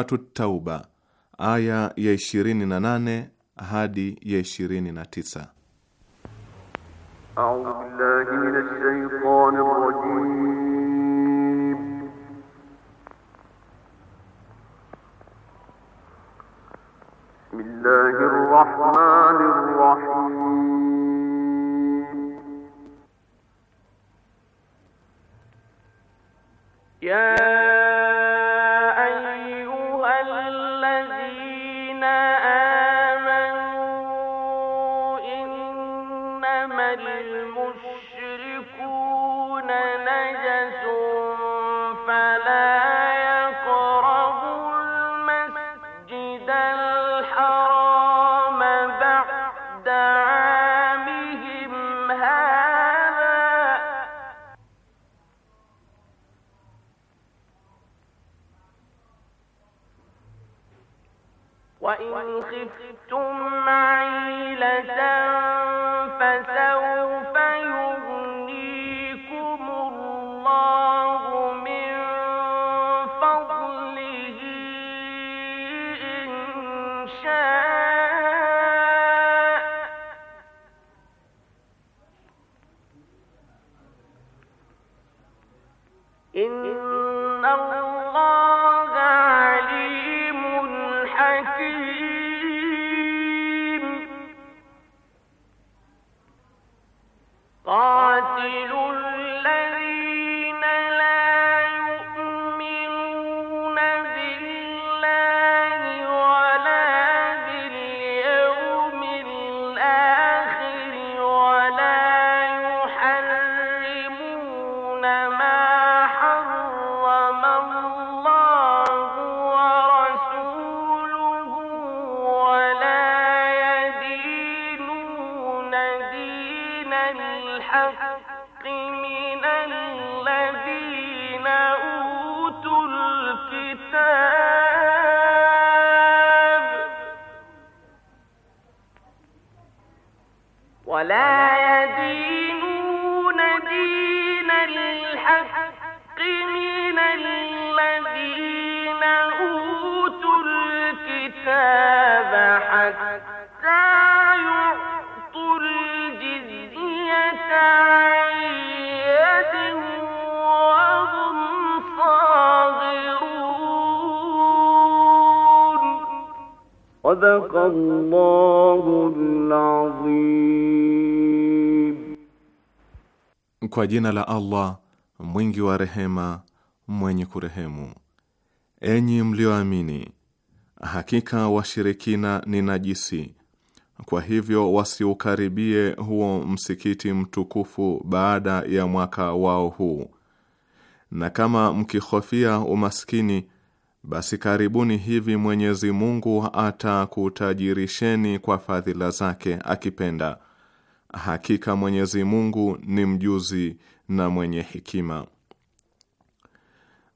Suratut Tauba aya ya 28 hadi ya 29. إنما المشركون نجس Kwa jina la Allah mwingi wa rehema, mwenye kurehemu. Enyi mlioamini Hakika washirikina ni najisi, kwa hivyo wasiukaribie huo msikiti mtukufu baada ya mwaka wao huu. Na kama mkihofia umaskini, basi karibuni hivi Mwenyezi Mungu atakutajirisheni kwa fadhila zake akipenda. Hakika Mwenyezi Mungu ni mjuzi na mwenye hekima.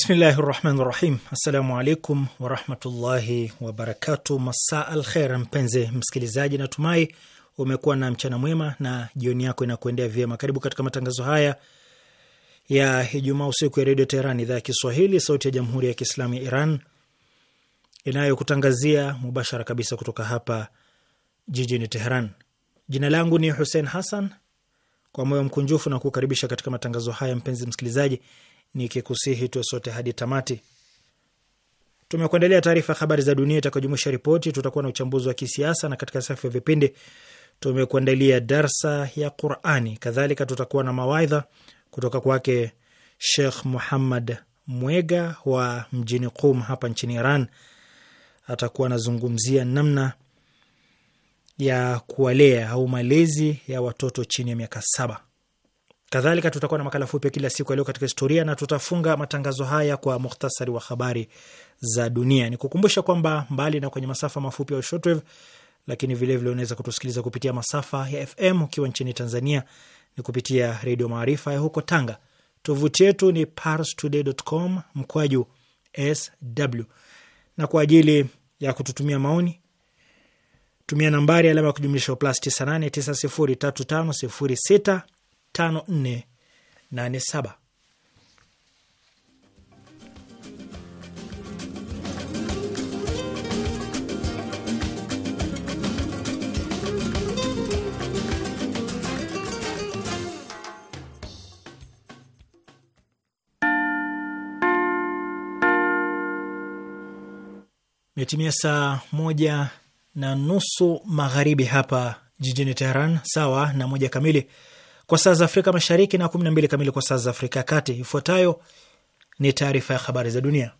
Bismillahi rahmani rahim. Assalamu alaikum warahmatullahi wabarakatu. Masaa al kher, mpenzi msikilizaji, natumai umekuwa na mchana mwema na jioni yako inakuendea vyema. Karibu katika matangazo haya ya Ijumaa usiku ya redio Teheran, idhaa ya Kiswahili, sauti ya jamhuri ya kiislamu ya Iran inayokutangazia mubashara kabisa kutoka hapa jijini Teheran. Jina langu ni Hussein Hassan, kwa moyo mkunjufu na kukaribisha katika matangazo haya mpenzi msikilizaji nikikusihi tuwe sote hadi tamati. Tumekuandalia taarifa ya habari za dunia itakayojumuisha ripoti, tutakuwa na uchambuzi wa kisiasa, na katika safu ya vipindi tumekuandalia darsa ya Qurani. Kadhalika tutakuwa na mawaidha kutoka kwake Shekh Muhammad Mwega wa mjini Qum hapa nchini Iran. Atakuwa anazungumzia namna ya kuwalea au malezi ya watoto chini ya miaka saba. Kadhalika tutakuwa na makala fupi kila siku yaliyo katika historia, na tutafunga matangazo haya kwa muhtasari wa habari za dunia. Ni kukumbusha kwamba mbali na kwenye masafa mafupi ya shortwave, lakini vilevile unaweza kutusikiliza kupitia masafa ya FM ukiwa nchini Tanzania ni kupitia Redio Maarifa ya huko Tanga. Tovuti yetu ni parstoday.com mkwaju sw, na kwa ajili ya kututumia maoni tumia nambari alama ya kujumlisha plus 98 903506 tano Imetimia saa moja na nusu magharibi hapa jijini Teheran, sawa na moja kamili kwa saa za Afrika Mashariki na 12 kamili kwa saa za Afrika ya Kati. Ifuatayo ni taarifa ya habari za dunia,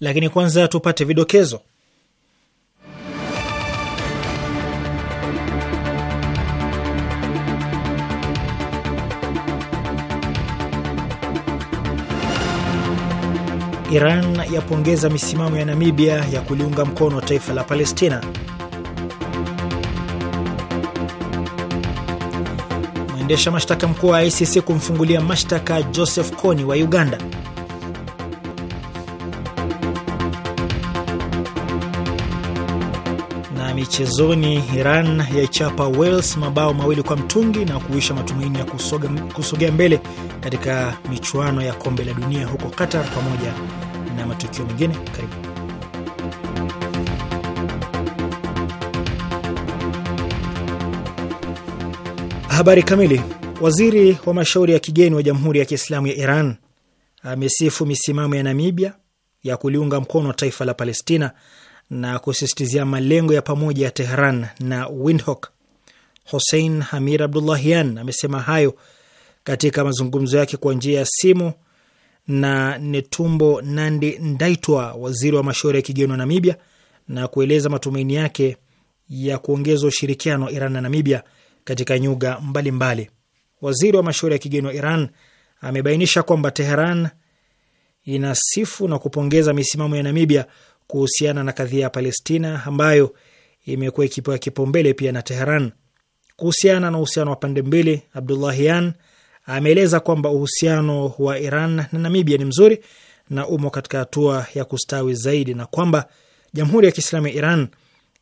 lakini kwanza tupate vidokezo. Iran yapongeza misimamo ya Namibia ya kuliunga mkono taifa la Palestina. Mwendesha mashtaka mkuu wa ICC kumfungulia mashtaka Joseph Kony wa Uganda. Michezoni, Iran yaichapa Wales mabao mawili kwa mtungi na kuisha matumaini ya kusoga, kusogea mbele katika michuano ya kombe la dunia huko Qatar, pamoja na matukio mengine. Karibu habari kamili. Waziri wa mashauri ya kigeni wa Jamhuri ya Kiislamu ya Iran amesifu misimamo ya Namibia ya kuliunga mkono taifa la Palestina na kusisitizia malengo ya pamoja ya Tehran na Windhoek. Hussein Hamir Abdullahian amesema hayo katika mazungumzo yake kwa njia ya simu na Netumbo Nandi Ndaitwa, waziri wa mashauri ya kigeni wa Namibia, na kueleza matumaini yake ya kuongeza ushirikiano wa Iran na Namibia katika nyuga mbalimbali mbali. Waziri wa mashauri ya kigeni wa Iran amebainisha kwamba Teheran inasifu na kupongeza misimamo ya Namibia kuhusiana na kadhia ya Palestina ambayo imekuwa ikipewa kipaumbele pia na Teheran. Kuhusiana na uhusiano wa pande mbili, Abdullahian ameeleza kwamba uhusiano wa Iran na Namibia ni mzuri na umo katika hatua ya kustawi zaidi na kwamba Jamhuri ya Kiislamu ya Iran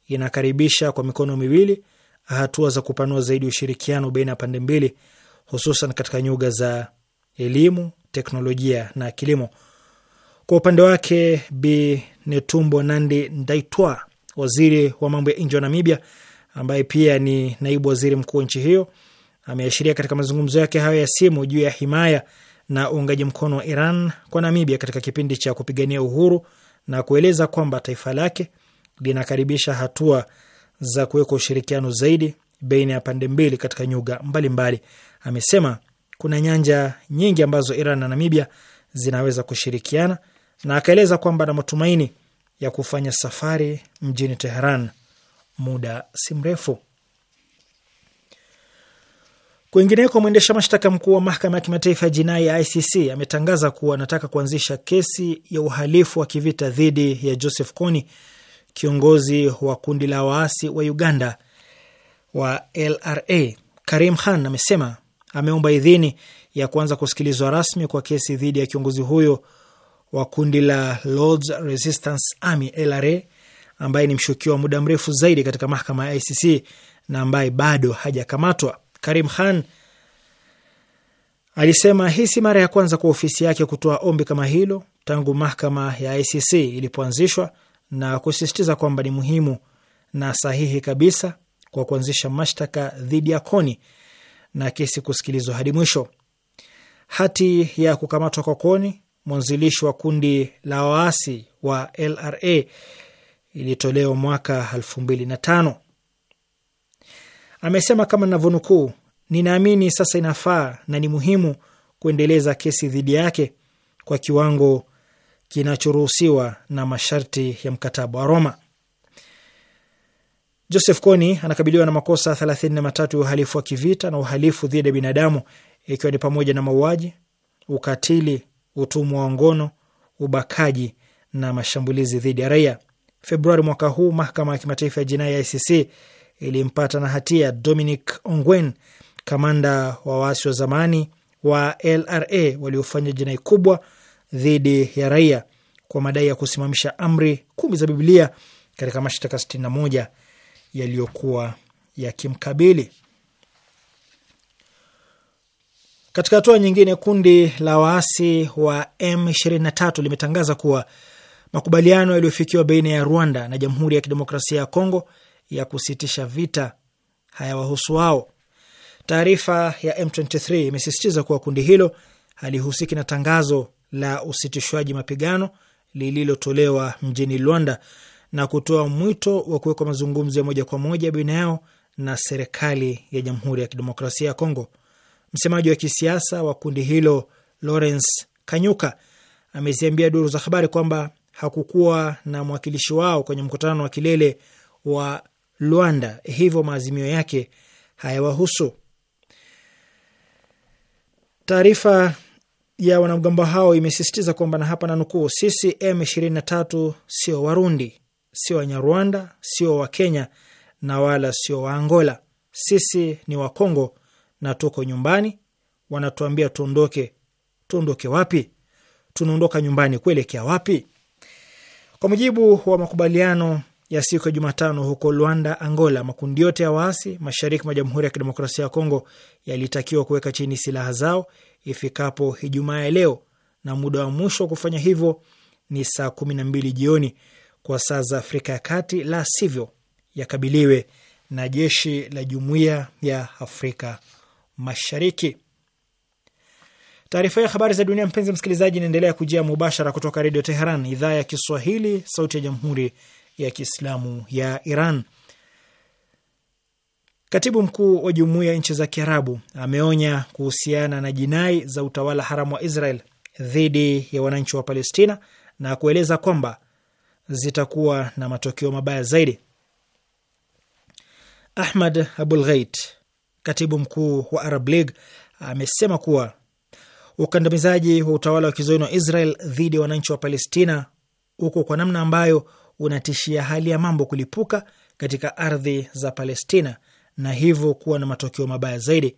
inakaribisha kwa mikono miwili hatua za kupanua zaidi ushirikiano baina ya pande mbili, hususan katika nyuga za elimu, teknolojia na kilimo. Kwa upande wake, Bi Netumbo Nandi Ndaitwa, waziri wa mambo ya nje wa Namibia, ambaye pia ni naibu waziri mkuu wa nchi hiyo, ameashiria katika mazungumzo yake hayo ya simu juu ya himaya na uungaji mkono wa Iran kwa Namibia katika kipindi cha kupigania uhuru na kueleza kwamba taifa lake linakaribisha hatua za kuweka ushirikiano zaidi baina ya pande mbili katika nyuga mbalimbali Amesema kuna nyanja nyingi ambazo Iran na Namibia zinaweza kushirikiana na akaeleza kwamba ana matumaini ya kufanya safari mjini Teheran muda si mrefu. Kwingineko, mwendesha mashtaka mkuu wa mahakama ya kimataifa ya jinai ya ICC ametangaza kuwa anataka kuanzisha kesi ya uhalifu wa kivita dhidi ya Joseph Kony, kiongozi wa kundi la waasi wa Uganda wa LRA. Karim Khan amesema ameomba idhini ya kuanza kusikilizwa rasmi kwa kesi dhidi ya kiongozi huyo wa kundi la Lords Resistance Army LRA, ambaye ni mshukiwa wa muda mrefu zaidi katika mahakama ya ICC na ambaye bado hajakamatwa. Karim Khan alisema hii si mara ya kwanza kwa ofisi yake kutoa ombi kama hilo tangu mahakama ya ICC ilipoanzishwa na kusisitiza kwamba ni muhimu na sahihi kabisa kwa kuanzisha mashtaka dhidi ya Koni na kesi kusikilizwa hadi mwisho. Hati ya kukamatwa kwa Koni mwanzilishi wa kundi la waasi wa LRA ilitolewa mwaka elfu mbili na tano. Amesema kama navyonukuu, ninaamini sasa inafaa na ni muhimu kuendeleza kesi dhidi yake kwa kiwango kinachoruhusiwa na masharti ya mkataba wa Roma. Joseph Kony anakabiliwa na makosa thelathini na matatu ya uhalifu wa kivita na uhalifu dhidi ya binadamu ikiwa ni pamoja na mauaji, ukatili utumwa wa ngono, ubakaji na mashambulizi dhidi ya raia. Februari mwaka huu mahakama ya kimataifa ya jinai ya ICC ilimpata na hatia Dominic Ongwen, kamanda wa waasi wa zamani wa LRA waliofanya jinai kubwa dhidi ya raia kwa madai ya kusimamisha amri kumi za Biblia katika mashtaka 61 yaliyokuwa yakimkabili. Katika hatua nyingine, kundi la waasi wa M23 limetangaza kuwa makubaliano yaliyofikiwa baina ya Rwanda na Jamhuri ya Kidemokrasia ya Kongo ya kusitisha vita hayawahusu wao. Taarifa ya M23 imesisitiza kuwa kundi hilo halihusiki na tangazo la usitishwaji mapigano lililotolewa mjini Luanda na kutoa mwito wa kuwekwa mazungumzo ya moja kwa moja baina yao na serikali ya Jamhuri ya Kidemokrasia ya Kongo. Msemaji wa kisiasa wa kundi hilo Lawrence Kanyuka ameziambia duru za habari kwamba hakukuwa na mwakilishi wao kwenye mkutano wa kilele wa Luanda, hivyo maazimio yake hayawahusu. Taarifa ya wanamgambo hao imesisitiza kwamba, na hapa na nukuu, sisi M23 sio Warundi, sio Wanyarwanda, sio Wakenya na wala sio Waangola. Sisi ni Wakongo na tuko nyumbani, wanatuambia tuondoke. Tuondoke wapi? Tunaondoka nyumbani kuelekea wapi? Kwa mujibu wa makubaliano ya siku ya Jumatano huko Luanda, Angola, makundi yote ya waasi mashariki mwa Jamhuri ya Kidemokrasia ya Kongo yalitakiwa kuweka chini silaha zao ifikapo Ijumaa ya leo, na muda wa mwisho wa kufanya hivyo ni saa kumi na mbili jioni kwa saa za Afrika ya Kati, la sivyo yakabiliwe na jeshi la Jumuiya ya Afrika Mashariki. Taarifa ya habari za dunia, mpenzi msikilizaji, inaendelea kujia mubashara kutoka Redio Teheran, idhaa ya Kiswahili, sauti ya Jamhuri ya Kiislamu ya Iran. Katibu mkuu wa Jumuiya ya Nchi za Kiarabu ameonya kuhusiana na jinai za utawala haramu wa Israel dhidi ya wananchi wa Palestina na kueleza kwamba zitakuwa na matokeo mabaya zaidi. Ahmad Abulghait, katibu mkuu wa Arab League amesema kuwa ukandamizaji wa utawala wa kizoeni wa Israel dhidi ya wananchi wa Palestina huko kwa namna ambayo unatishia hali ya mambo kulipuka katika ardhi za Palestina na hivyo kuwa na matokeo mabaya zaidi.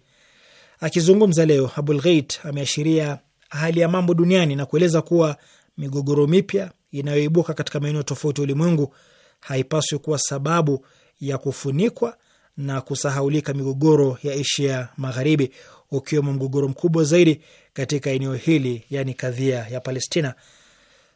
Akizungumza leo, Abul Gheit ameashiria hali ya mambo duniani na kueleza kuwa migogoro mipya inayoibuka katika maeneo tofauti ya ulimwengu haipaswi kuwa sababu ya kufunikwa na kusahaulika migogoro ya Asia Magharibi, ukiwemo mgogoro mkubwa zaidi katika eneo hili, yani kadhia ya Palestina.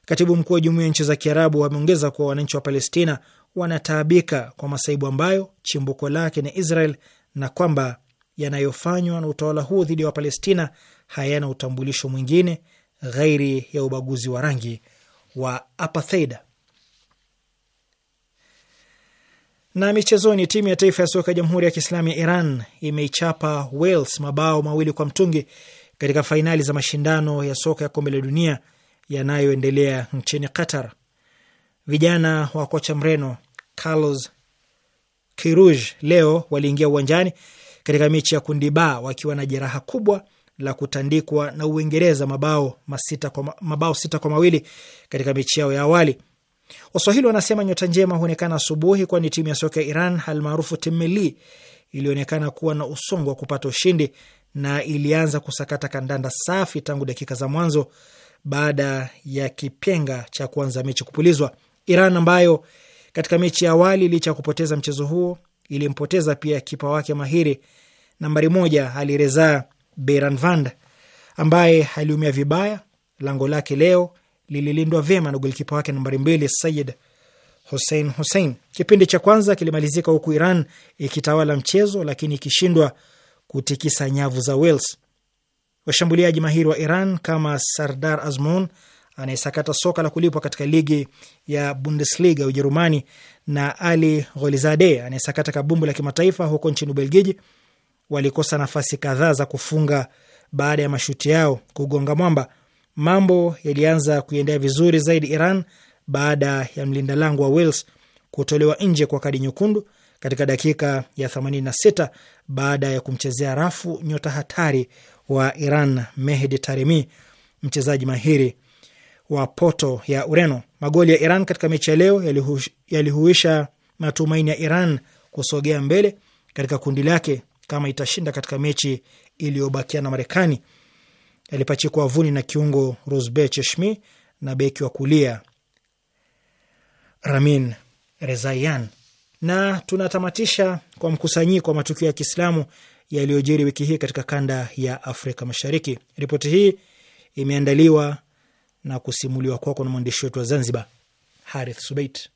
Katibu mkuu wa Jumuiya ya Nchi za Kiarabu ameongeza kuwa wananchi wa Palestina wanataabika kwa masaibu ambayo chimbuko lake ni Israel na kwamba yanayofanywa na utawala huo dhidi ya Wapalestina hayana utambulisho mwingine ghairi ya ubaguzi wa rangi wa apartheid. Na michezoni, timu ya taifa ya soka ya Jamhuri ya Kiislamu ya Iran imeichapa Wales mabao mawili kwa mtungi katika fainali za mashindano ya soka ya kombe la dunia yanayoendelea nchini Qatar. Vijana wa kocha mreno Carlos Kiruj leo waliingia uwanjani katika mechi ya kundi ba wakiwa na jeraha kubwa la kutandikwa na Uingereza mabao masita kwa, mabao sita kwa mawili katika mechi yao ya awali. Waswahili wanasema nyota njema huonekana asubuhi, kwani timu ya soka ya Iran almaarufu Timmeli ilionekana kuwa na usongo wa kupata ushindi na ilianza kusakata kandanda safi tangu dakika za mwanzo baada ya kipenga cha kuanza mechi kupulizwa. Iran ambayo katika mechi ya awali licha ya kupoteza mchezo huo ilimpoteza pia kipa wake mahiri nambari moja Alireza Beranvand ambaye aliumia vibaya. Lango lake leo lililindwa vyema na golikipa wake nambari mbili Sayid Hussein Hussein. Kipindi cha kwanza kilimalizika huku Iran ikitawala mchezo lakini ikishindwa kutikisa nyavu za Wales. Washambuliaji mahiri wa Iran kama Sardar Azmoun anayesakata soka la kulipwa katika ligi ya Bundesliga Ujerumani na Ali Gholizade anayesakata kabumbu la kimataifa huko nchini Ubelgiji walikosa nafasi kadhaa za kufunga baada ya mashuti yao kugonga mwamba mambo yalianza kuiendea vizuri zaidi Iran baada ya mlinda lango wa Wales kutolewa nje kwa kadi nyekundu katika dakika ya 86 baada ya kumchezea rafu nyota hatari wa Iran Mehdi Taremi, mchezaji mahiri wa Porto ya Ureno. Magoli ya Iran katika mechi ya leo yalihuisha matumaini ya Iran kusogea mbele katika kundi lake kama itashinda katika mechi iliyobakia na Marekani alipachikwa wavuni na kiungo Rosbe Cheshmi na beki wa kulia Ramin Rezaian. Na tunatamatisha kwa mkusanyiko wa matukio ya Kiislamu yaliyojiri wiki hii katika kanda ya Afrika Mashariki. Ripoti hii imeandaliwa na kusimuliwa kwako na mwandishi wetu wa Zanzibar, Harith Subait.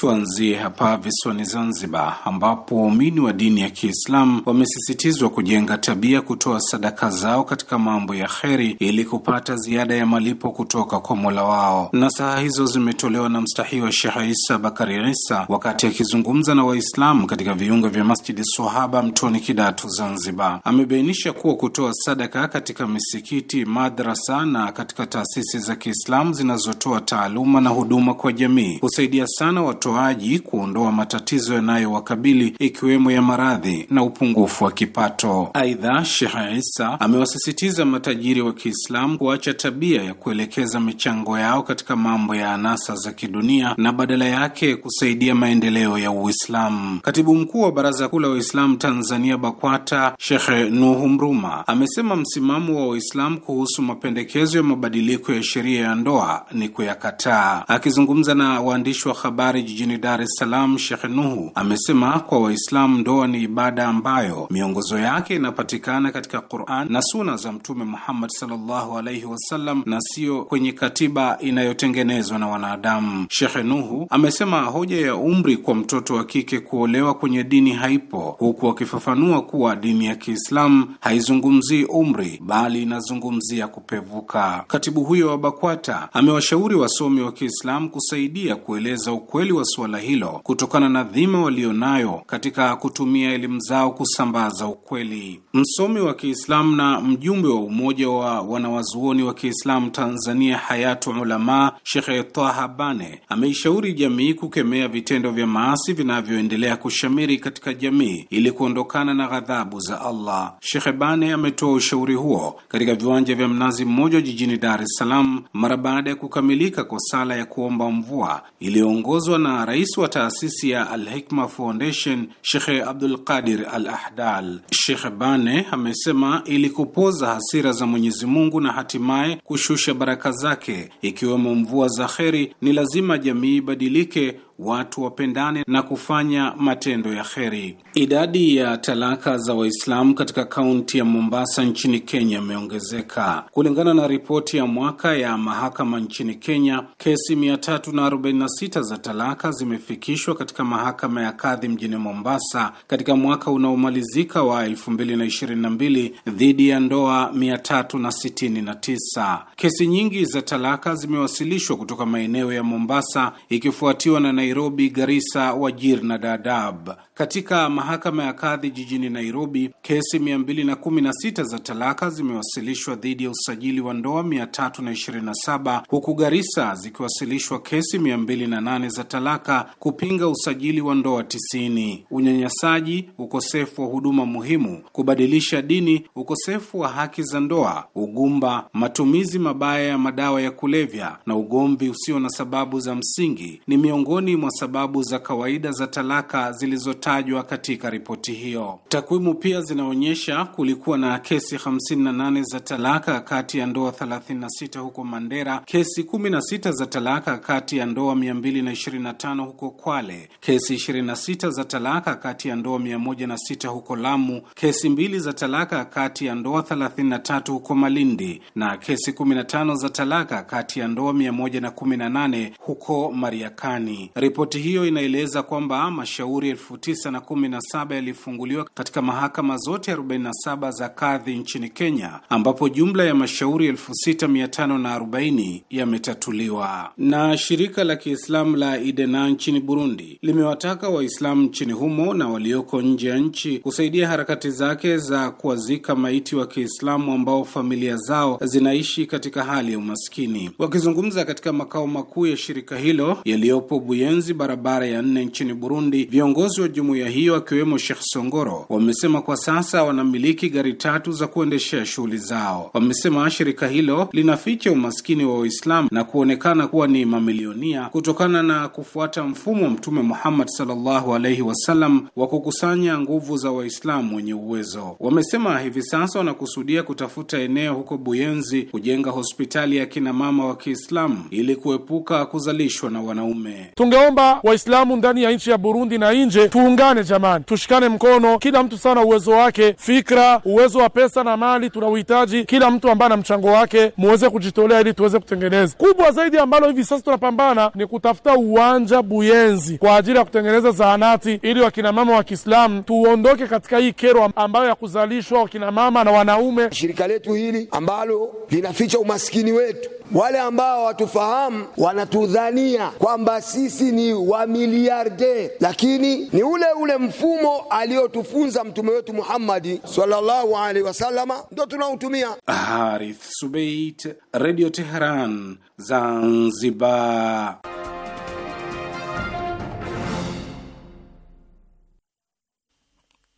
Tuanzie hapa visiwani Zanzibar, ambapo waumini wa dini ya Kiislamu wamesisitizwa kujenga tabia kutoa sadaka zao katika mambo ya kheri ili kupata ziada ya malipo kutoka kwa mola wao. Nasaha hizo zimetolewa na mstahii wa Shekh Isa Bakari Isa wakati akizungumza na Waislamu katika viunga vya Masjidi Sohaba, Mtoni Kidatu, Zanzibar. Amebainisha kuwa kutoa sadaka katika misikiti, madrasa na katika taasisi za Kiislamu zinazotoa taaluma na huduma kwa jamii husaidia sana watu utoaji kuondoa matatizo yanayowakabili ikiwemo ya maradhi na upungufu wa kipato. Aidha, Sheikh Isa amewasisitiza matajiri wa Kiislamu kuacha tabia ya kuelekeza michango yao katika mambo ya anasa za kidunia na badala yake kusaidia maendeleo ya Uislamu. Katibu mkuu wa Baraza Kuu la Waislamu Tanzania BAKWATA Sheikh Nuhu Mruma amesema msimamo wa Waislamu kuhusu mapendekezo ya mabadiliko ya sheria ya ndoa ni kuyakataa. Akizungumza na waandishi wa habari jijini Dar es Salaam, Shekhe Nuhu amesema kwa Waislamu ndoa ni ibada ambayo miongozo yake inapatikana katika Quran na suna za Mtume Muhammad sallallahu alaihi wasallam na siyo kwenye katiba inayotengenezwa na wanadamu. Shekhe Nuhu amesema hoja ya umri kwa mtoto wa kike kuolewa kwenye dini haipo, huku akifafanua kuwa dini ya Kiislamu haizungumzii umri bali inazungumzia kupevuka. Katibu huyo wa BAKWATA amewashauri wasomi wa Kiislamu kusaidia kueleza ukweli wa suala hilo kutokana na dhima walionayo katika kutumia elimu zao kusambaza ukweli. Msomi wa Kiislamu na mjumbe wa Umoja wa Wanawazuoni wa Kiislamu Tanzania, Hayatu Ulama, Shekhe Taha Bane ameishauri jamii kukemea vitendo vya maasi vinavyoendelea kushamiri katika jamii ili kuondokana na ghadhabu za Allah. Shekhe Bane ametoa ushauri huo katika viwanja vya Mnazi Mmoja jijini Dar es Salaam mara baada ya kukamilika kwa sala ya kuomba mvua iliyoongozwa na rais wa taasisi ya alhikma Foundation Shekhe Abdul Qadir Al Ahdal. Shekhe Bane amesema ili kupoza hasira za Mwenyezi Mungu na hatimaye kushusha baraka zake, ikiwemo mvua za kheri, ni lazima jamii ibadilike watu wapendane na kufanya matendo ya kheri. Idadi ya talaka za Waislamu katika kaunti ya Mombasa nchini Kenya imeongezeka. Kulingana na ripoti ya mwaka ya mahakama nchini Kenya, kesi 346 za talaka zimefikishwa katika mahakama ya kadhi mjini Mombasa katika mwaka unaomalizika wa 2022 dhidi ya ndoa 369. Kesi nyingi za talaka zimewasilishwa kutoka maeneo ya Mombasa ikifuatiwa na Nairobi, Garissa, Wajir na Dadaab. Katika mahakama ya kadhi jijini Nairobi, kesi 216 za talaka zimewasilishwa dhidi ya usajili wa ndoa 327 huku Garissa zikiwasilishwa kesi 208 za talaka kupinga usajili wa ndoa 90. Unyanyasaji, ukosefu wa huduma muhimu, kubadilisha dini, ukosefu wa haki za ndoa, ugumba, matumizi mabaya ya madawa ya kulevya na ugomvi usio na sababu za msingi ni miongoni mwa sababu za kawaida za talaka zilizota yaliyotajwa katika ripoti hiyo. Takwimu pia zinaonyesha kulikuwa na kesi 58 za talaka kati ya ndoa 36 huko Mandera, kesi 16 za talaka kati ya ndoa 225 huko Kwale, kesi 26 za talaka kati ya ndoa 106 huko Lamu, kesi mbili za talaka kati ya ndoa 33 huko Malindi na kesi 15 za talaka kati ya ndoa 118 huko Mariakani. Ripoti hiyo inaeleza kwamba mashauri elfu tisa 9 na 17 yalifunguliwa katika mahakama zote 47 za kadhi nchini Kenya, ambapo jumla ya mashauri 6540 yametatuliwa. Na shirika la Kiislamu la Idena nchini Burundi limewataka Waislamu nchini humo na walioko nje ya nchi kusaidia harakati zake za kuwazika maiti wa Kiislamu ambao familia zao zinaishi katika hali ya umaskini. Wakizungumza katika makao makuu ya shirika hilo yaliyopo Buyenzi, barabara ya nne nchini Burundi, viongozi wa jumuiya hiyo akiwemo Sheikh Songoro wamesema kwa sasa wanamiliki gari tatu za kuendeshea shughuli zao. Wamesema shirika hilo linaficha umaskini wa Waislamu na kuonekana kuwa ni mamilionia kutokana na kufuata mfumo wa Mtume Muhammad sallallahu alaihi wasallam wa kukusanya nguvu za Waislamu wenye uwezo. Wamesema hivi sasa wanakusudia kutafuta eneo huko Buyenzi kujenga hospitali ya kinamama wa Kiislamu ili kuepuka kuzalishwa na wanaume. Tungeomba Waislamu ndani ya nchi ya Burundi na nje tu tuungane jamani, tushikane mkono, kila mtu sana uwezo wake, fikra, uwezo wa pesa na mali tunauhitaji, kila mtu ambaye na mchango wake muweze kujitolea ili tuweze kutengeneza. Kubwa zaidi ambalo hivi sasa tunapambana ni kutafuta uwanja Buyenzi kwa ajili ya kutengeneza zahanati ili wakinamama wa Kiislamu tuondoke katika hii kero ambayo ya kuzalishwa wakinamama na wanaume. Shirika letu hili ambalo linaficha umaskini wetu, wale ambao watufahamu wanatudhania kwamba sisi ni wamiliarde, lakini ni ule ule ule mfumo aliotufunza mtume wetu Muhammadi sallallahu alaihi wasallama ndo tunautumia. Harith Subeit, Radio Teheran, Zanzibar.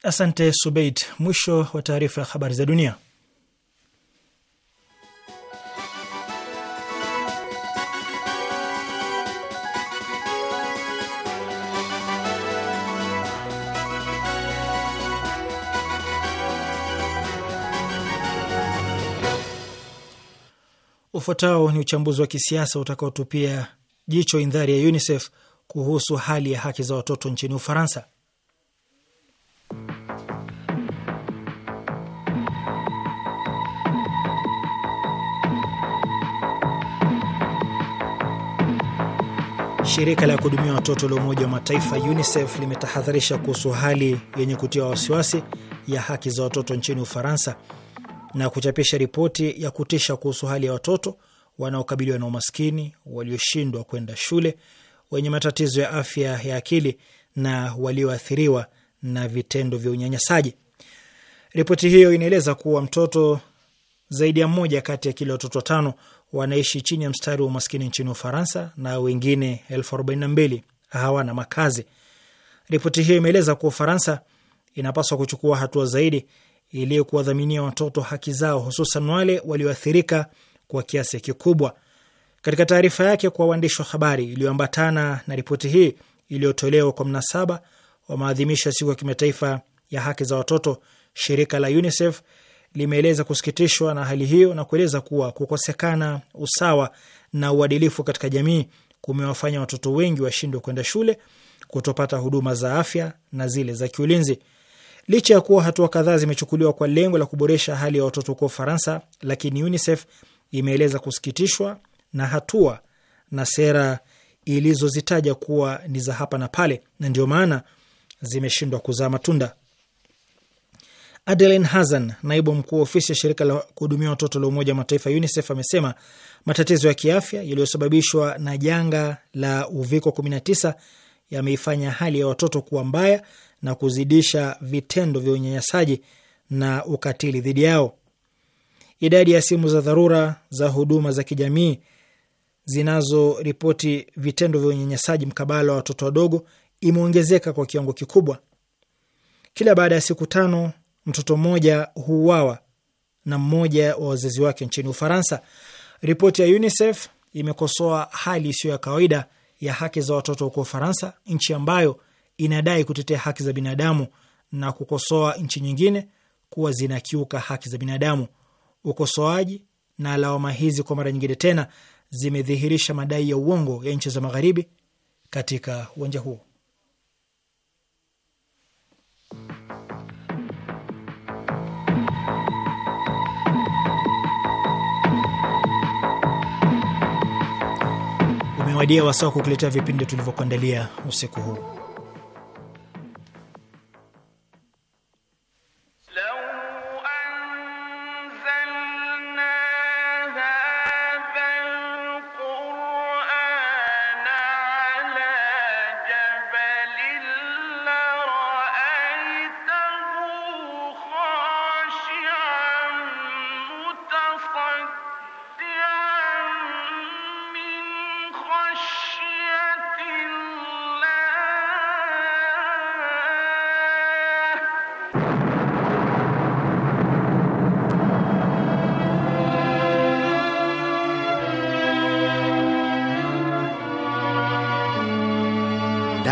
Asante Subeit. Mwisho wa taarifa ya habari za dunia. Ufuatao ni uchambuzi wa kisiasa utakaotupia jicho indhari ya UNICEF kuhusu hali ya haki za watoto nchini Ufaransa. Shirika la kuhudumia watoto la Umoja wa Mataifa UNICEF limetahadharisha kuhusu hali yenye kutia wasiwasi ya haki za watoto nchini Ufaransa na kuchapisha ripoti ya kutisha kuhusu hali ya watoto wanaokabiliwa na umaskini, walioshindwa kwenda shule, wenye matatizo ya afya ya akili na walioathiriwa na vitendo vya unyanyasaji. Ripoti hiyo inaeleza kuwa mtoto zaidi ya mmoja kati ya kila watoto watano wanaishi chini ya mstari wa umaskini nchini Ufaransa na wengine elfu arobaini na mbili hawana makazi. Ripoti hiyo imeeleza kuwa Ufaransa inapaswa kuchukua hatua zaidi ili kuwadhaminia watoto haki zao, hususan wale walioathirika kwa kiasi kikubwa. Katika taarifa yake kwa waandishi wa habari iliyoambatana na ripoti hii iliyotolewa kwa mnasaba wa maadhimisho ya siku ya kimataifa ya haki za watoto, shirika la UNICEF limeeleza kusikitishwa na hali hiyo na kueleza kuwa kukosekana usawa na uadilifu katika jamii kumewafanya watoto wengi washindwe kwenda shule, kutopata huduma za afya na zile za kiulinzi. Licha ya kuwa hatua kadhaa zimechukuliwa kwa lengo la kuboresha hali ya watoto huko Ufaransa, lakini UNICEF imeeleza kusikitishwa na hatua na sera ilizozitaja kuwa ni za hapa na pale na ndio maana zimeshindwa kuzaa matunda. Adeline Hazan, naibu mkuu wa ofisi ya shirika la kuhudumia watoto la Umoja wa Mataifa UNICEF, amesema matatizo ya kiafya yaliyosababishwa na janga la uviko 19 yameifanya hali ya watoto kuwa mbaya na kuzidisha vitendo vya unyanyasaji na ukatili dhidi yao. Idadi ya simu za dharura za huduma za kijamii zinazoripoti vitendo vya unyanyasaji mkabala wa watoto wadogo imeongezeka kwa kiwango kikubwa. Kila baada ya siku tano mtoto mmoja huuawa na mmoja wa wazazi wake nchini Ufaransa. Ripoti ya UNICEF imekosoa hali isiyo ya kawaida ya haki za watoto huko Ufaransa, nchi ambayo inadai kutetea haki za binadamu na kukosoa nchi nyingine kuwa zinakiuka haki za binadamu. Ukosoaji na lawama hizi kwa mara nyingine tena zimedhihirisha madai ya uongo ya nchi za Magharibi katika uwanja huo. Umewadia wasaa wa kukuletea vipindi tulivyokuandalia usiku huu.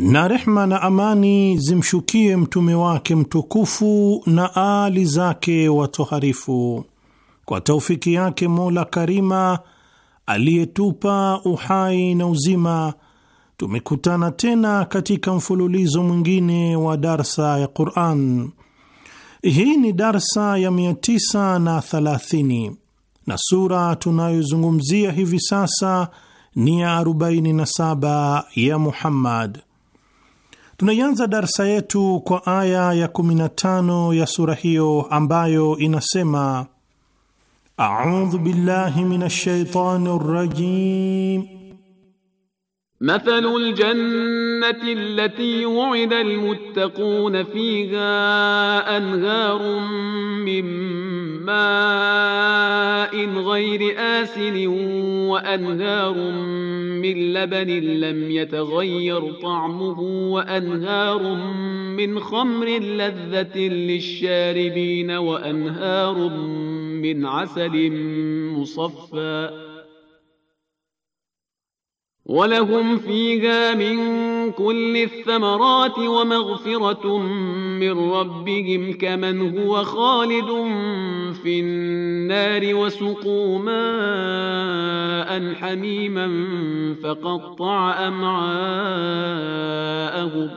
na rehma na amani zimshukie mtume wake mtukufu na aali zake watoharifu. Kwa taufiki yake Mola Karima aliyetupa uhai na uzima, tumekutana tena katika mfululizo mwingine wa darsa ya Quran. Hii ni darsa ya 930 na sura tunayozungumzia hivi sasa ni ya 47 ya Muhammad. Tunaianza darsa yetu kwa aya ya 15 ya sura hiyo ambayo inasema: audhu billahi minash shaitani rajim مثل الجنة التي وعد المتقون فيها أنهار من ماء غير آسن وأنهار من لبن لم يتغير طعمه وأنهار من خمر لذة للشاربين وأنهار من عسل مصفّى ولهم فيها من كل الثمرات ومغفرة من ربهم كمن هو خالد في النار وسقوا ماء حميما فقطع أمعاءهم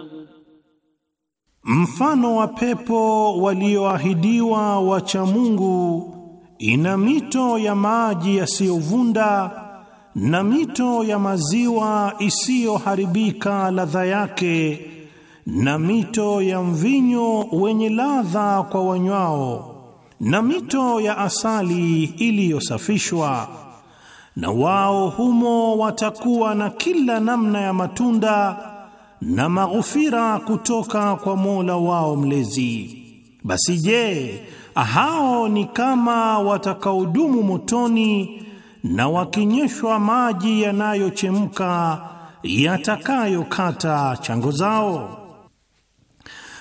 Mfano wa pepo walioahidiwa wacha Mungu ina mito ya maji yasiyovunda na mito ya maziwa isiyoharibika ladha yake, na mito ya mvinyo wenye ladha kwa wanywao, na mito ya asali iliyosafishwa, na wao humo watakuwa na kila namna ya matunda na maghufira kutoka kwa Mola wao mlezi. Basi je, hao ni kama watakaodumu motoni na wakinyeshwa maji yanayochemka yatakayokata chango zao.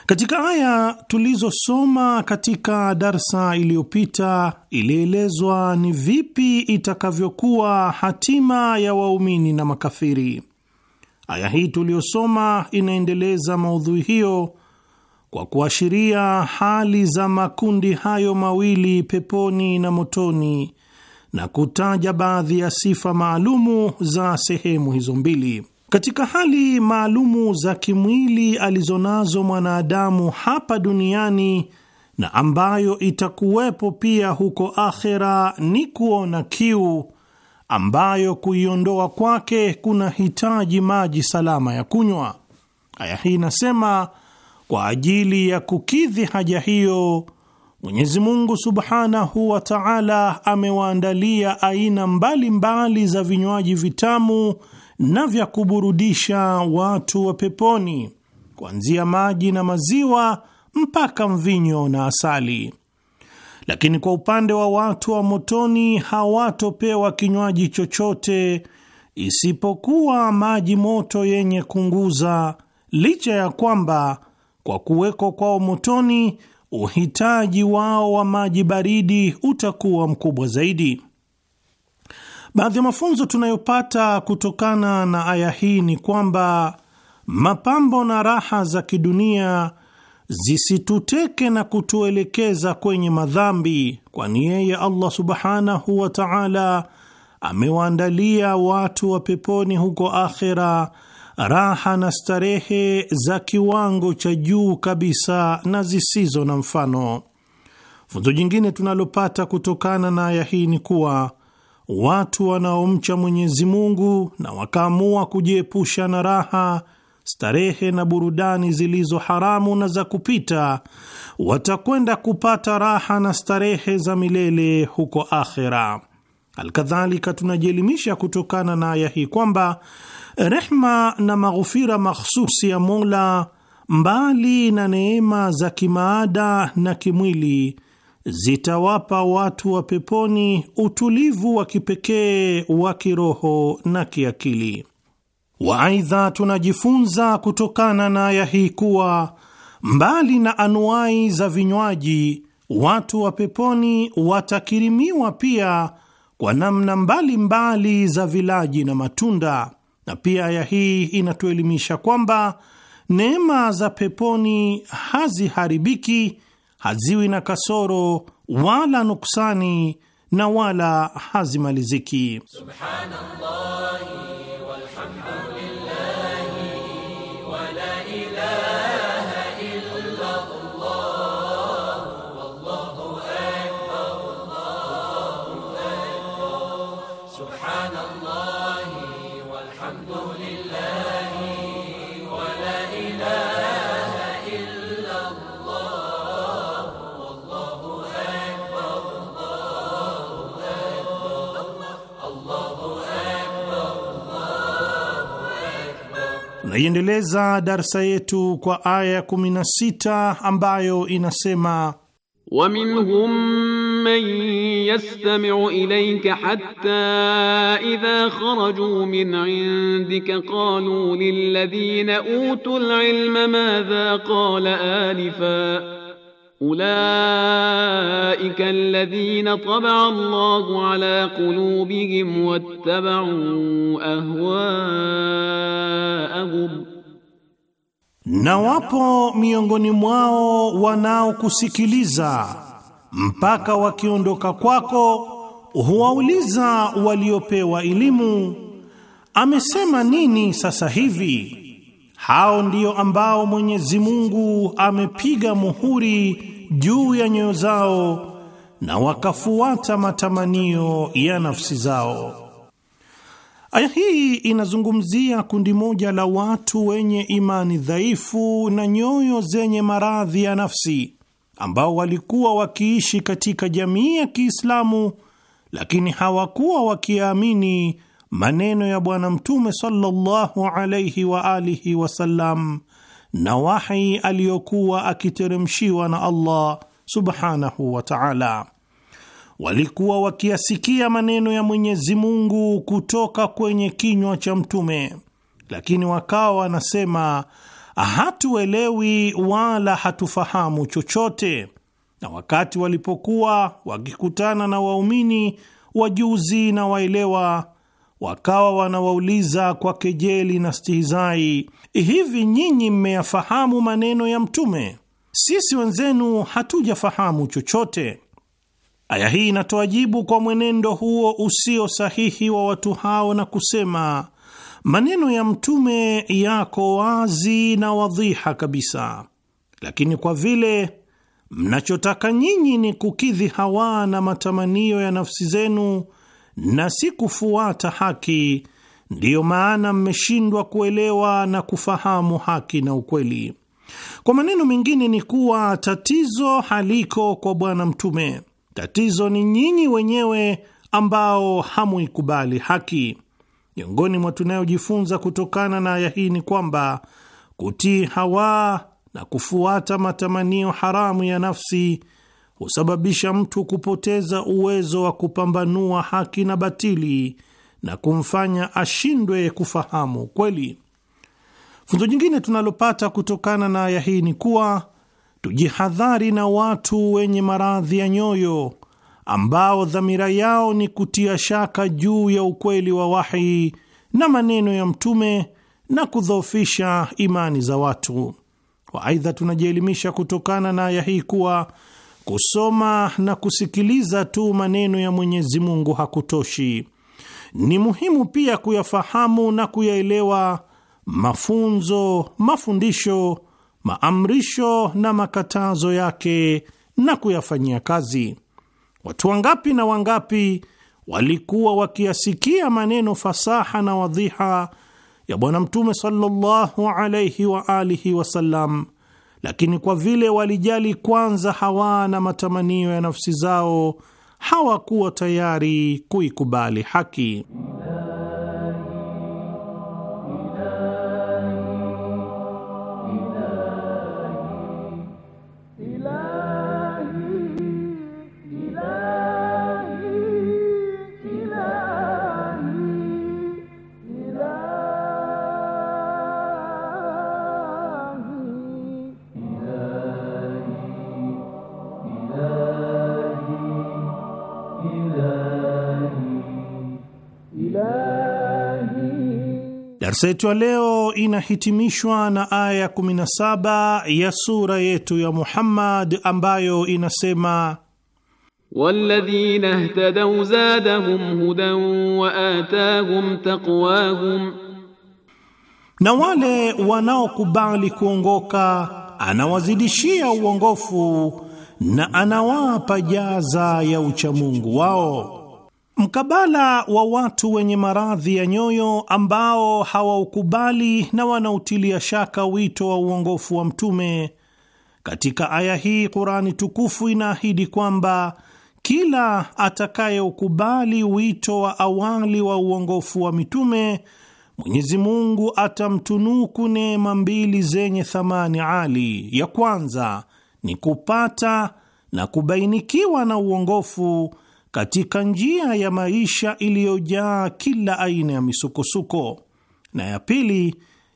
Katika aya tulizosoma katika darsa iliyopita, ilielezwa ni vipi itakavyokuwa hatima ya waumini na makafiri. Aya hii tuliyosoma inaendeleza maudhui hiyo kwa kuashiria hali za makundi hayo mawili peponi na motoni na kutaja baadhi ya sifa maalumu za sehemu hizo mbili. Katika hali maalumu za kimwili alizonazo mwanadamu hapa duniani na ambayo itakuwepo pia huko akhera ni kuona kiu ambayo kuiondoa kwake kuna hitaji maji salama ya kunywa. Aya hii inasema kwa ajili ya kukidhi haja hiyo Mwenyezi Mungu Subhanahu wa Ta'ala amewaandalia aina mbalimbali mbali za vinywaji vitamu na vya kuburudisha watu wa peponi, kuanzia maji na maziwa mpaka mvinyo na asali. Lakini kwa upande wa watu wa motoni hawatopewa kinywaji chochote isipokuwa maji moto yenye kunguza, licha ya kwamba kwa kuwekwa kwao motoni uhitaji wao wa maji baridi utakuwa mkubwa zaidi. Baadhi ya mafunzo tunayopata kutokana na aya hii ni kwamba mapambo na raha za kidunia zisituteke na kutuelekeza kwenye madhambi, kwani yeye Allah subhanahu wa taala amewaandalia watu wa peponi huko akhera raha na starehe za kiwango cha juu kabisa na zisizo na mfano. Funzo jingine tunalopata kutokana na aya hii ni kuwa watu wanaomcha Mwenyezi Mungu na wakaamua kujiepusha na raha, starehe na burudani zilizo haramu na za kupita, watakwenda kupata raha na starehe za milele huko akhera. Alkadhalika, tunajielimisha kutokana na aya hii kwamba Rehma na maghufira makhususi ya Mola, mbali na neema za kimaada na kimwili, zitawapa watu wa peponi utulivu wa kipekee wa kiroho na kiakili. Waaidha, tunajifunza kutokana na aya hii kuwa mbali na anuwai za vinywaji, watu wa peponi watakirimiwa pia kwa namna mbalimbali mbali za vilaji na matunda na pia aya hii inatuelimisha kwamba neema za peponi haziharibiki, haziwi na kasoro wala nuksani na wala hazimaliziki. Subhanallah. Tunaiendeleza darsa yetu kwa aya ya 16 ambayo inasema ومنهم من يستمع إليك حتى إذا خرجوا من عندك قالوا للذين أوتوا العلم ماذا قال آنفاً Ulaika alladhina tabaa Allahu ala qulubihim wattabau ahwaahum, na wapo miongoni mwao wanaokusikiliza mpaka wakiondoka kwako huwauliza waliopewa elimu, amesema nini sasa hivi? Hao ndio ambao Mwenyezi Mungu amepiga muhuri juu ya nyoyo zao na wakafuata matamanio ya nafsi zao. Aya hii inazungumzia kundi moja la watu wenye imani dhaifu na nyoyo zenye maradhi ya nafsi ambao walikuwa wakiishi katika jamii ya Kiislamu lakini hawakuwa wakiamini maneno ya Bwana Mtume sallallahu alayhi wa alihi wasallam na wahi aliyokuwa akiteremshiwa na Allah subhanahu wa ta'ala. Walikuwa wakiyasikia maneno ya Mwenyezi Mungu kutoka kwenye kinywa cha mtume, lakini wakawa wanasema hatuelewi wala hatufahamu chochote. Na wakati walipokuwa wakikutana na waumini wajuzi na waelewa wakawa wanawauliza kwa kejeli na stihizai, hivi nyinyi mmeyafahamu maneno ya Mtume? Sisi wenzenu hatujafahamu chochote. Aya hii inatoa jibu kwa mwenendo huo usio sahihi wa watu hao na kusema, maneno ya Mtume yako wazi na wadhiha kabisa, lakini kwa vile mnachotaka nyinyi ni kukidhi hawa na matamanio ya nafsi zenu na si kufuata haki, ndiyo maana mmeshindwa kuelewa na kufahamu haki na ukweli. Kwa maneno mengine ni kuwa tatizo haliko kwa Bwana Mtume, tatizo ni nyinyi wenyewe ambao hamuikubali haki. Miongoni mwa tunayojifunza kutokana na aya hii ni kwamba kutii hawa na kufuata matamanio haramu ya nafsi husababisha mtu kupoteza uwezo wa kupambanua haki na batili na kumfanya ashindwe kufahamu kweli. Funzo jingine tunalopata kutokana na aya hii ni kuwa tujihadhari na watu wenye maradhi ya nyoyo ambao dhamira yao ni kutia shaka juu ya ukweli wa wahi na maneno ya mtume na kudhoofisha imani za watu. Waaidha, tunajielimisha kutokana na aya hii kuwa Kusoma na kusikiliza tu maneno ya Mwenyezi Mungu hakutoshi, ni muhimu pia kuyafahamu na kuyaelewa mafunzo, mafundisho, maamrisho na makatazo yake na kuyafanyia kazi. Watu wangapi na wangapi walikuwa wakiyasikia maneno fasaha na wadhiha ya Bwana Mtume sallallahu alaihi wa alihi wasallam lakini kwa vile walijali kwanza hawana matamanio ya nafsi zao, hawakuwa tayari kuikubali haki. Darsa yetu ya leo inahitimishwa na aya 17 ya sura yetu ya Muhammad ambayo inasema walladhina ihtadaw zadahum hudan wa atahum taqwahum, na wale wanaokubali kuongoka anawazidishia uongofu na anawapa jaza ya uchamungu wao mkabala wa watu wenye maradhi ya nyoyo ambao hawaukubali na wanautilia shaka wito wa uongofu wa Mtume. Katika aya hii Kurani tukufu inaahidi kwamba kila atakayeukubali wito wa awali wa uongofu wa mitume, Mwenyezi Mungu atamtunuku neema mbili zenye thamani ali. Ya kwanza ni kupata na kubainikiwa na uongofu katika njia ya maisha iliyojaa kila aina ya misukosuko, na ya pili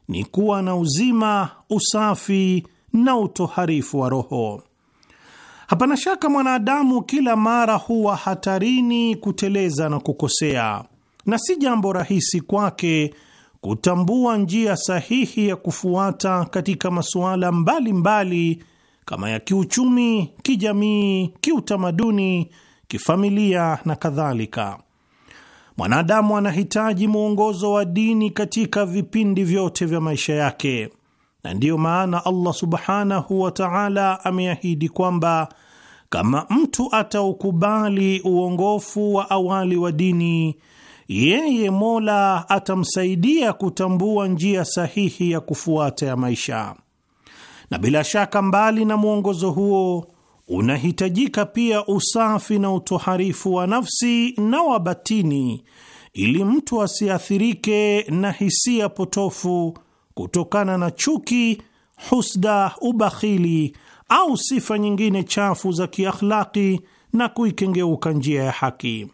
ni kuwa na uzima, usafi na utoharifu wa roho. Hapana shaka mwanadamu kila mara huwa hatarini kuteleza na kukosea, na si jambo rahisi kwake kutambua njia sahihi ya kufuata katika masuala mbalimbali mbali, kama ya kiuchumi, kijamii, kiutamaduni kifamilia na kadhalika. Mwanadamu anahitaji mwongozo wa dini katika vipindi vyote vya maisha yake, na ndiyo maana Allah subhanahu wa ta'ala ameahidi kwamba kama mtu ataukubali uongofu wa awali wa dini, yeye Mola atamsaidia kutambua njia sahihi ya kufuata ya maisha. Na bila shaka, mbali na mwongozo huo unahitajika pia usafi na utoharifu wa nafsi na wa batini, ili mtu asiathirike na hisia potofu kutokana na chuki, husda, ubakhili au sifa nyingine chafu za kiakhlaki na kuikengeuka njia ya haki.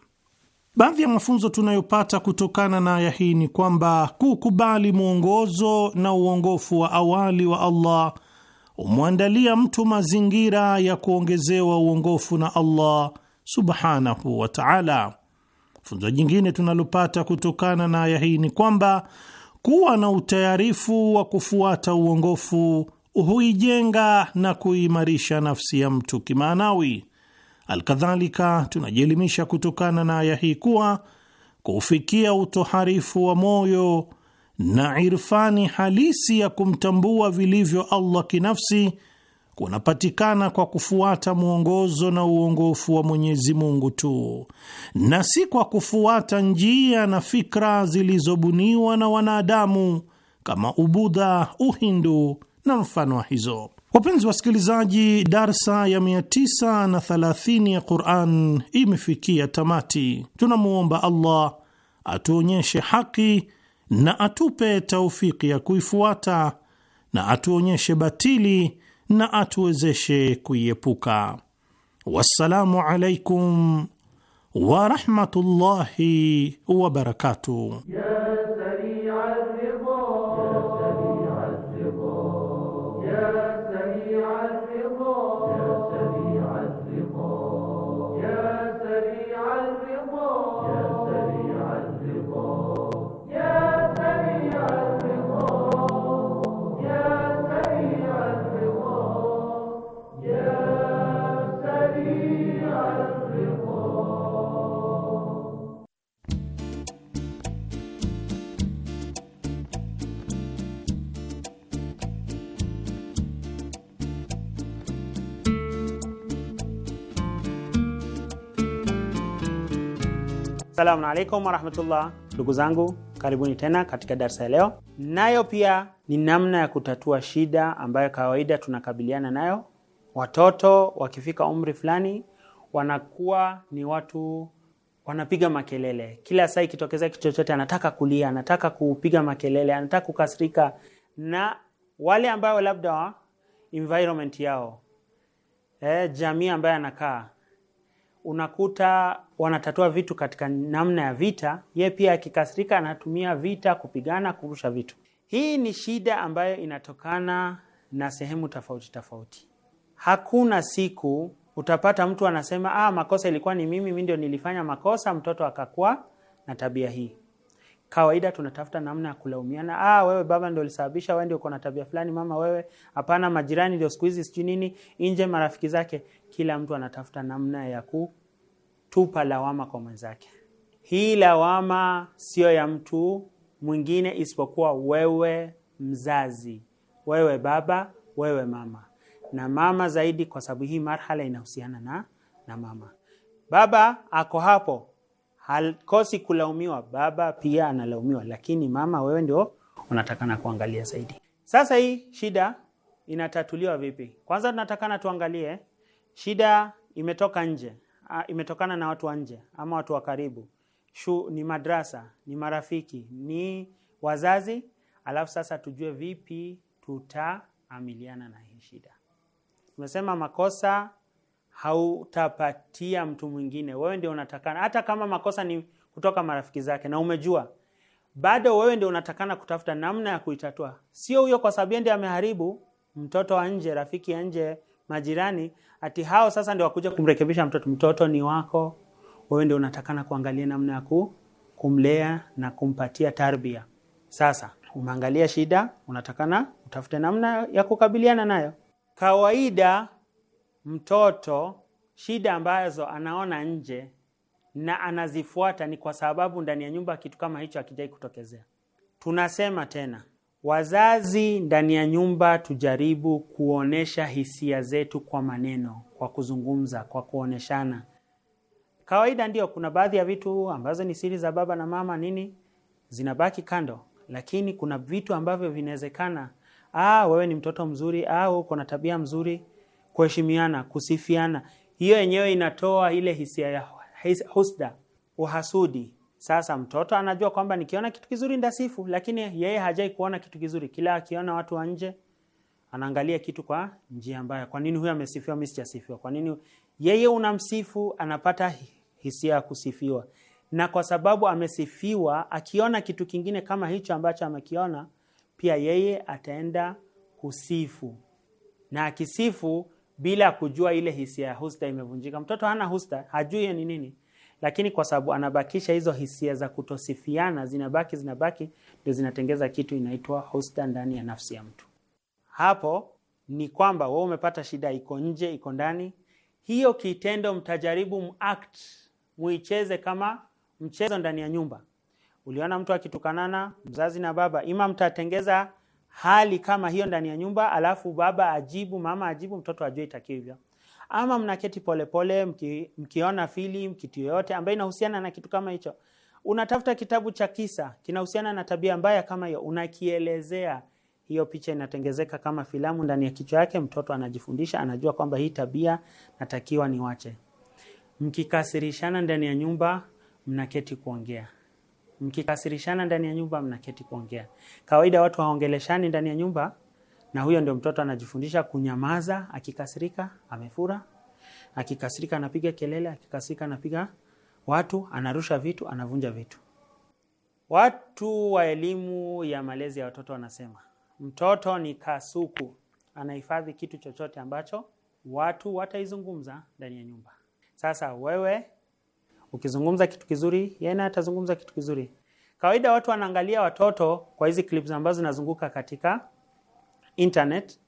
Baadhi ya mafunzo tunayopata kutokana na aya hii ni kwamba kukubali mwongozo na uongofu wa awali wa Allah humwandalia mtu mazingira ya kuongezewa uongofu na Allah subhanahu wa ta'ala. Funzo jingine tunalopata kutokana na aya hii ni kwamba kuwa na utayarifu wa kufuata uongofu huijenga na kuimarisha nafsi ya mtu kimaanawi. Alkadhalika, tunajielimisha kutokana na aya hii kuwa kufikia utoharifu wa moyo na irfani halisi ya kumtambua vilivyo Allah kinafsi kunapatikana kwa kufuata mwongozo na uongofu wa Mwenyezi Mungu tu na si kwa kufuata njia na fikra zilizobuniwa na wanadamu kama Ubudha, Uhindu na mfano wa hizo. Wapenzi wasikilizaji, darsa ya 930 ya Quran imefikia tamati. Tunamwomba Allah atuonyeshe haki na atupe taufiki ya kuifuata na atuonyeshe batili na atuwezeshe kuiepuka. Wassalamu alaikum warahmatullahi wabarakatuh. Assalamu alaikum warahmatullah. Ndugu zangu, karibuni tena katika darsa ya leo. Nayo pia ni namna ya kutatua shida ambayo kawaida tunakabiliana nayo. Watoto wakifika umri fulani, wanakuwa ni watu wanapiga makelele kila saa. ikitokeza kitu chochote, anataka kulia, anataka kupiga makelele, anataka kukasirika. Na wale ambao labda environment yao, eh, jamii ambayo anakaa unakuta wanatatua vitu katika namna ya vita, ye pia akikasirika anatumia vita kupigana, kurusha vitu. Hii ni shida ambayo inatokana na sehemu tofauti tofauti. Hakuna siku utapata mtu anasema ah, makosa ilikuwa ni mimi, mi ndio nilifanya makosa, mtoto akakuwa na tabia hii. Kawaida tunatafuta namna ya kulaumiana, ah, wewe baba ndio ulisababisha, wewe ndio uko na tabia fulani, mama wewe hapana, majirani ndio siku hizi sijui nini, nje marafiki zake kila mtu anatafuta namna ya kutupa lawama kwa mwenzake. Hii lawama siyo ya mtu mwingine isipokuwa wewe mzazi, wewe baba, wewe mama, na mama zaidi, kwa sababu hii marhala inahusiana na, na mama. Baba ako hapo, hakosi kulaumiwa. Baba pia analaumiwa, lakini mama, wewe ndio unatakana kuangalia zaidi. Sasa hii shida inatatuliwa vipi? Kwanza tunatakana tuangalie Shida imetoka nje, a, imetokana na watu wa nje ama watu wa karibu. Shu, ni madrasa, ni marafiki, ni wazazi. Alafu sasa tujue vipi tutaamiliana na hii shida. Tumesema makosa hautapatia mtu mwingine, wewe ndio unatakana. Hata kama makosa ni kutoka marafiki zake na umejua, bado wewe ndio unatakana kutafuta namna ya kuitatua, sio huyo, kwa sababu ndiye ameharibu. Mtoto wa nje, rafiki ya nje majirani ati hao sasa ndio wakuja kumrekebisha mtoto. Mtoto ni wako wewe, ndio unatakana kuangalia namna ya kumlea na kumpatia tarbia. Sasa umeangalia shida, unatakana utafute namna ya kukabiliana nayo. Kawaida mtoto shida ambazo anaona nje na anazifuata ni kwa sababu ndani ya nyumba kitu kama hicho hakijai kutokezea. Tunasema tena Wazazi ndani ya nyumba tujaribu kuonesha hisia zetu kwa maneno, kwa kuzungumza, kwa kuoneshana. Kawaida ndio kuna baadhi ya vitu ambazo ni siri za baba na mama nini zinabaki kando, lakini kuna vitu ambavyo vinawezekana. Ah, wewe ni mtoto mzuri, ah, uko na tabia mzuri, kuheshimiana, kusifiana, hiyo yenyewe inatoa ile hisia ya husda, uhasudi sasa mtoto anajua kwamba nikiona kitu kizuri ndasifu, lakini yeye hajai kuona kitu kizuri. Kila akiona watu wa nje anaangalia kitu kwa njia mbaya. Kwa nini huyu amesifiwa, mimi sijasifiwa? Kwa nini yeye unamsifu, anapata hisia ya kusifiwa? Na kwa sababu amesifiwa, akiona kitu kingine kama hicho ambacho amekiona, pia yeye ataenda kusifu, na akisifu bila kujua ile hisia ya husta imevunjika. Mtoto hana husta, hajui ni nini lakini kwa sababu anabakisha hizo hisia za kutosifiana zinabaki zinabaki, ndio zinatengeza kitu inaitwa husda ndani ya nafsi ya mtu. Hapo ni kwamba wewe umepata shida, iko nje, iko ndani. Hiyo kitendo mtajaribu muact, muicheze kama mchezo ndani ya nyumba. Uliona mtu akitukanana mzazi na baba, ima mtatengeza hali kama hiyo ndani ya nyumba, alafu baba ajibu, mama ajibu, mtoto ajue itakiwa hivyo ama mnaketi polepole mki, mkiona filim kitu yoyote ambayo inahusiana na kitu kama hicho. Unatafuta kitabu cha kisa kinahusiana na tabia mbaya kama hiyo, unakielezea hiyo picha inatengezeka kama filamu ndani ya kichwa yake. Mtoto anajifundisha, anajua kwamba hii tabia natakiwa niwache. Mkikasirishana ndani ya nyumba, mnaketi kuongea. Mkikasirishana ndani ya nyumba, mnaketi kuongea. Kawaida watu waongeleshani ndani ya nyumba, na huyo ndio mtoto anajifundisha kunyamaza. Akikasirika amefura, akikasirika anapiga kelele, akikasirika anapiga watu, anarusha vitu, anavunja vitu. Watu wa elimu ya malezi ya watoto wanasema mtoto ni kasuku, anahifadhi kitu chochote ambacho watu wataizungumza ndani ya nyumba. Sasa wewe ukizungumza kitu kizuri, yeye naye atazungumza kitu kizuri. Kawaida watu wanaangalia watoto kwa hizi clips ambazo zinazunguka katika internet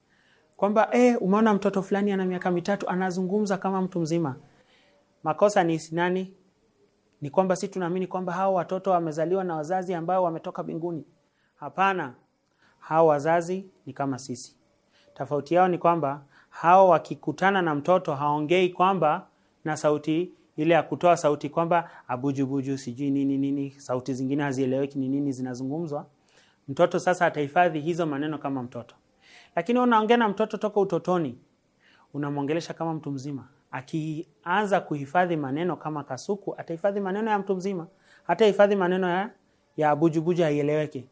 kwamba eh, umeona mtoto fulani ana miaka mitatu anazungumza kama mtu mzima. Makosa ni sinani Ni kwamba si tunaamini kwamba hao watoto wamezaliwa na wazazi ambao wametoka binguni Hapana, hao wazazi ni kama sisi. Tofauti yao ni kwamba hao wakikutana na mtoto haongei kwamba na sauti ile ya kutoa sauti kwamba abujubuju sijui nini nini, sauti zingine hazieleweki ni nini zinazungumzwa. Mtoto sasa atahifadhi hizo maneno kama mtoto. Lakini unaongea na mtoto toka utotoni, unamwongelesha kama mtu mzima. Akianza kuhifadhi maneno kama kasuku, atahifadhi maneno ya mtu mzima, hata hifadhi maneno ya, ya bujubuja aieleweke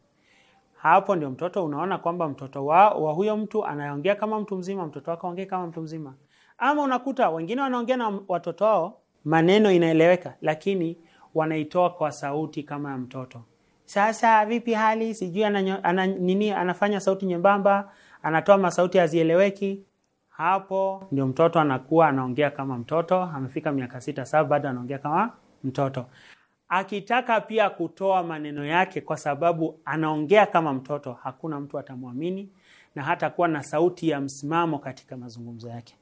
Hapo ndio mtoto unaona kwamba mtoto wa, wa huyo mtu anaongea kama mtu mzima, mtoto wake aongee kama mtu mzima. Ama unakuta wengine wanaongea na watoto wao maneno inaeleweka, lakini wanaitoa kwa sauti kama ya mtoto. Sasa vipi hali, sijui ana nini, anafanya sauti nyembamba, anatoa masauti hazieleweki. Hapo ndio mtoto anakuwa anaongea kama mtoto, amefika miaka sita saba bado anaongea kama mtoto, akitaka pia kutoa maneno yake, kwa sababu anaongea kama mtoto, hakuna mtu atamwamini na hata kuwa na sauti ya msimamo katika mazungumzo yake.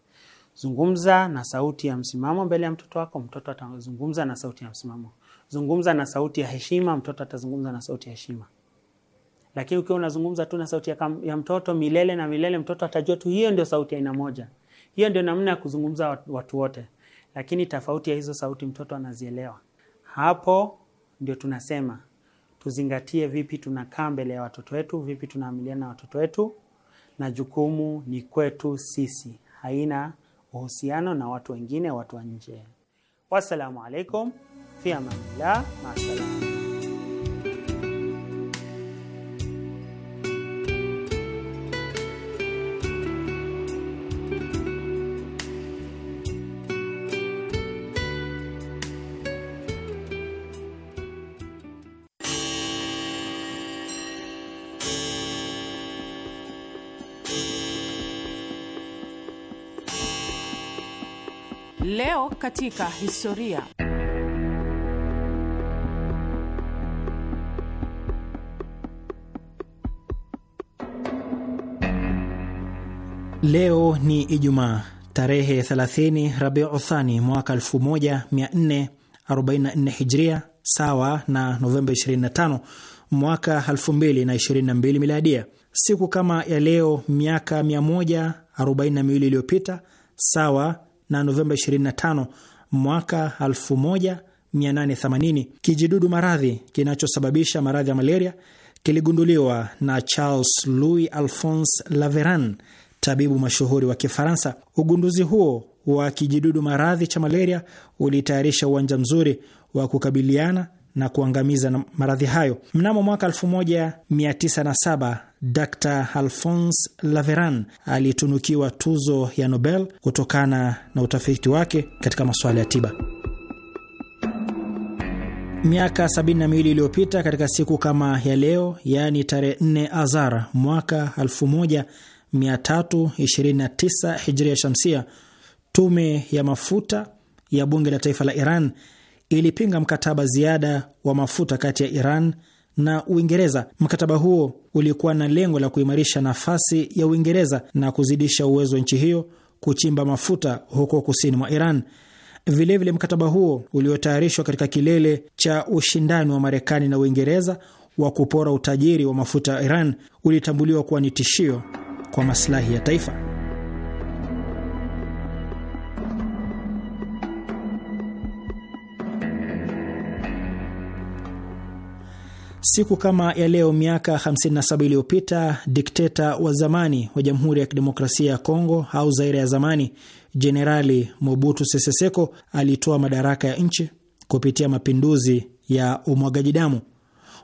Zungumza na sauti ya msimamo mbele ya mtoto wako, mtoto atazungumza na sauti ya msimamo. Zungumza na sauti ya heshima, mtoto atazungumza na sauti ya heshima. Lakini ukiwa unazungumza tu na sauti ya, kam, ya mtoto milele na milele, mtoto atajua tu hiyo ndio sauti aina moja. Hiyo ndio namna ya kuzungumza watu wote, lakini tofauti ya hizo sauti mtoto anazielewa. Hapo ndio tunasema tuzingatie vipi tunakaa mbele ya watoto wetu, vipi tunaamiliana na watoto wetu, na jukumu ni kwetu sisi, haina uhusiano na watu wengine, watu wa nje. Wassalamu alaikum fi amanillah, maasalama. katika historia. Leo ni Ijumaa tarehe 30 Rabiu Thani mwaka 1444 Hijria, sawa na Novemba 25 mwaka 2022 Miladia. Siku kama ya leo miaka 142 iliyopita, sawa na Novemba 25 mwaka 1880. Kijidudu maradhi kinachosababisha maradhi ya malaria kiligunduliwa na Charles Louis Alphonse Laveran, tabibu mashuhuri wa Kifaransa. Ugunduzi huo wa kijidudu maradhi cha malaria ulitayarisha uwanja mzuri wa kukabiliana na kuangamiza maradhi hayo. Mnamo mwaka Dr Alphonse Laveran aliyetunukiwa tuzo ya Nobel kutokana na utafiti wake katika masuala ya tiba. Miaka 72 iliyopita katika siku kama ya leo, yaani tarehe 4 Azar mwaka 1329 Hijria Shamsia, tume ya mafuta ya bunge la taifa la Iran ilipinga mkataba ziada wa mafuta kati ya Iran na Uingereza. Mkataba huo ulikuwa na lengo la kuimarisha nafasi ya Uingereza na kuzidisha uwezo wa nchi hiyo kuchimba mafuta huko kusini mwa Iran. Vilevile vile mkataba huo uliotayarishwa katika kilele cha ushindani wa Marekani na Uingereza wa kupora utajiri wa mafuta ya Iran ulitambuliwa kuwa ni tishio kwa maslahi ya taifa. Siku kama ya leo miaka 57 iliyopita dikteta wa zamani wa Jamhuri ya Kidemokrasia ya Kongo au Zaire ya zamani, Jenerali Mobutu Sese Seko alitoa madaraka ya nchi kupitia mapinduzi ya umwagaji damu.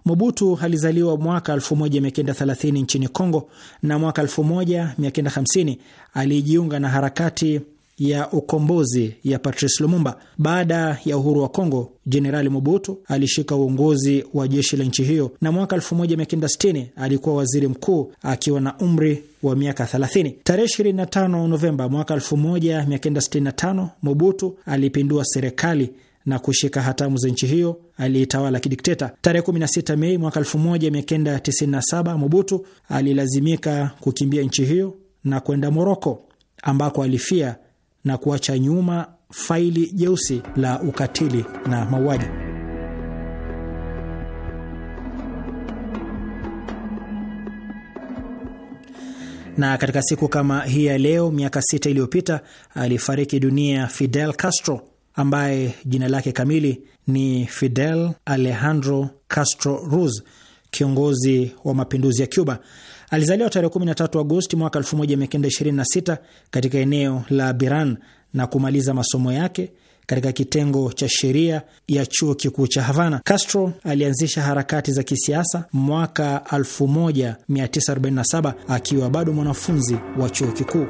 Mobutu alizaliwa mwaka 1930 nchini Kongo na mwaka 1950 alijiunga na harakati ya ukombozi ya Patrice Lumumba. Baada ya uhuru wa Kongo, Jenerali Mobutu alishika uongozi wa jeshi la nchi hiyo, na mwaka 1960 alikuwa waziri mkuu akiwa na umri wa miaka 30. Tarehe 25 Novemba mwaka 1965 Mobutu alipindua serikali na kushika hatamu za nchi hiyo aliyetawala kidikteta. Tarehe 16 Mei mwaka 1997 Mobutu alilazimika kukimbia nchi hiyo na kwenda Moroko ambako alifia na kuacha nyuma faili jeusi la ukatili na mauaji. Na katika siku kama hii ya leo miaka sita iliyopita alifariki dunia Fidel Castro ambaye jina lake kamili ni Fidel Alejandro Castro Ruz, kiongozi wa mapinduzi ya Cuba. Alizaliwa tarehe 13 Agosti mwaka 1926 katika eneo la Biran na kumaliza masomo yake katika kitengo cha sheria ya chuo kikuu cha Havana. Castro alianzisha harakati za kisiasa mwaka 1947 akiwa bado mwanafunzi wa chuo kikuu.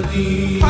الذي